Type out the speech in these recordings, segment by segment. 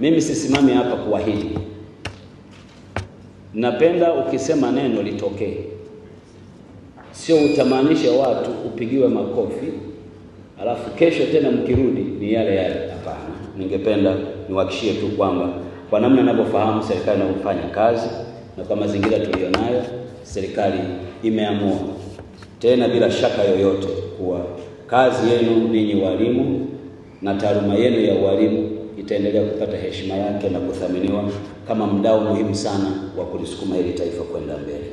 Mimi sisimami hapa kuahidi, napenda ukisema neno litokee, sio utamanishe watu upigiwe makofi alafu kesho tena mkirudi ni yale yale. Hapana, ningependa niwahakishie tu kwamba kwa namna ninavyofahamu serikali inavyofanya kazi na kwa mazingira tuliyonayo, serikali imeamua tena bila shaka yoyote kuwa kazi yenu ninyi walimu na taaluma yenu ya ualimu itaendelea kupata heshima yake na kuthaminiwa kama mdau muhimu sana wa kulisukuma hili taifa kwenda mbele.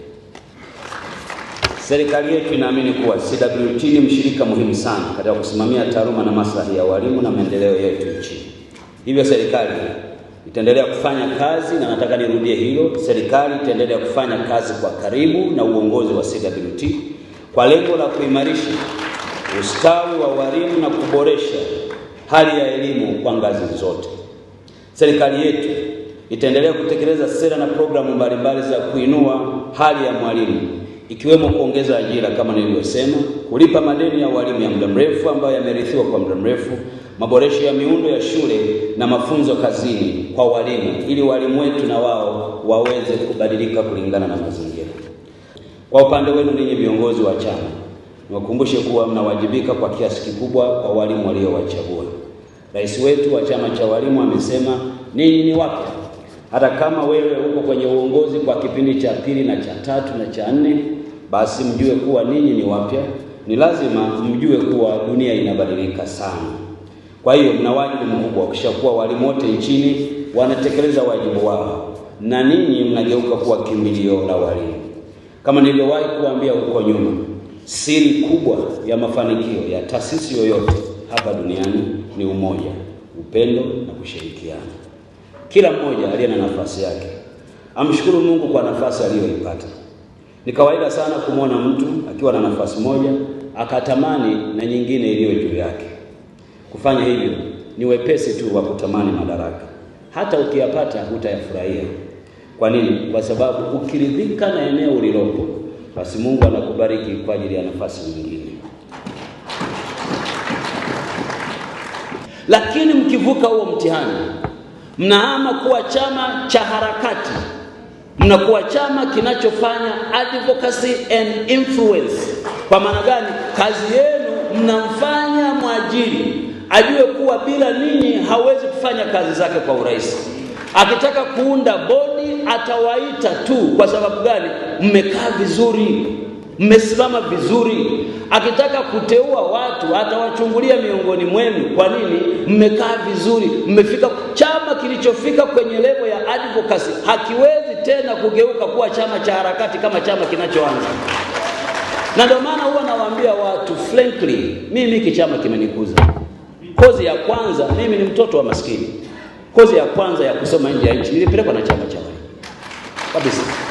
Serikali yetu inaamini kuwa CWT ni mshirika muhimu sana katika kusimamia taaluma na maslahi ya walimu na maendeleo yetu nchini. Hivyo serikali itaendelea kufanya kazi, na nataka nirudie hilo, serikali itaendelea kufanya kazi kwa karibu na uongozi wa CWT kwa lengo la kuimarisha ustawi wa walimu na kuboresha hali ya elimu kwa ngazi zote. Serikali yetu itaendelea kutekeleza sera na programu mbalimbali za kuinua hali ya mwalimu ikiwemo kuongeza ajira kama nilivyosema, kulipa madeni ya walimu ya muda mrefu ambayo yamerithiwa kwa muda mrefu, maboresho ya miundo ya shule na mafunzo kazini kwa walimu ili walimu wetu na wao waweze kubadilika kulingana na mazingira. Kwa upande wenu ninyi viongozi wa chama, niwakumbushe kuwa mnawajibika kwa kiasi kikubwa kwa walimu waliowachagua. Rais wetu wa chama cha walimu amesema ninyi ni wapya, hata kama wewe uko kwenye uongozi kwa kipindi cha pili na cha tatu na cha nne, basi mjue kuwa ninyi ni wapya. Ni lazima mjue kuwa dunia inabadilika sana. Kwa hiyo mna wajibu mkubwa. kuwa walimu wote nchini wanatekeleza wajibu wao, na ninyi mnageuka kuwa kimbilio la walimu. Kama nilivyowahi kuambia huko nyuma, siri kubwa ya mafanikio ya taasisi yoyote hapa duniani ni umoja, upendo na kushirikiana. Kila mmoja aliye na nafasi yake amshukuru Mungu kwa nafasi aliyoipata. Ni kawaida sana kumwona mtu akiwa na nafasi moja akatamani na nyingine iliyo juu yake. Kufanya hivyo ni wepesi tu wa kutamani madaraka, hata ukiyapata hutayafurahia. Kwa nini? Kwa sababu ukiridhika na eneo ulilopo, basi Mungu anakubariki kwa ajili ya nafasi nyingine. Lakini mkivuka huo mtihani, mnahama kuwa chama cha harakati, mnakuwa chama kinachofanya advocacy and influence. Kwa maana gani? Kazi yenu mnamfanya mwajiri ajue kuwa bila ninyi hawezi kufanya kazi zake kwa urahisi. Akitaka kuunda bodi atawaita tu. Kwa sababu gani? Mmekaa vizuri mmesimama vizuri. Akitaka kuteua watu atawachungulia miongoni mwenu. Kwa nini? Mmekaa vizuri, mmefika. Chama kilichofika kwenye levo ya advocacy hakiwezi tena kugeuka kuwa chama cha harakati kama chama kinachoanza. Na ndio maana huwa nawaambia watu frankly, mimi hiki chama kimenikuza. Kozi ya kwanza, mimi ni mtoto wa maskini. Kozi ya kwanza ya kusoma nje ya nchi nilipelekwa na chama changu kabisa.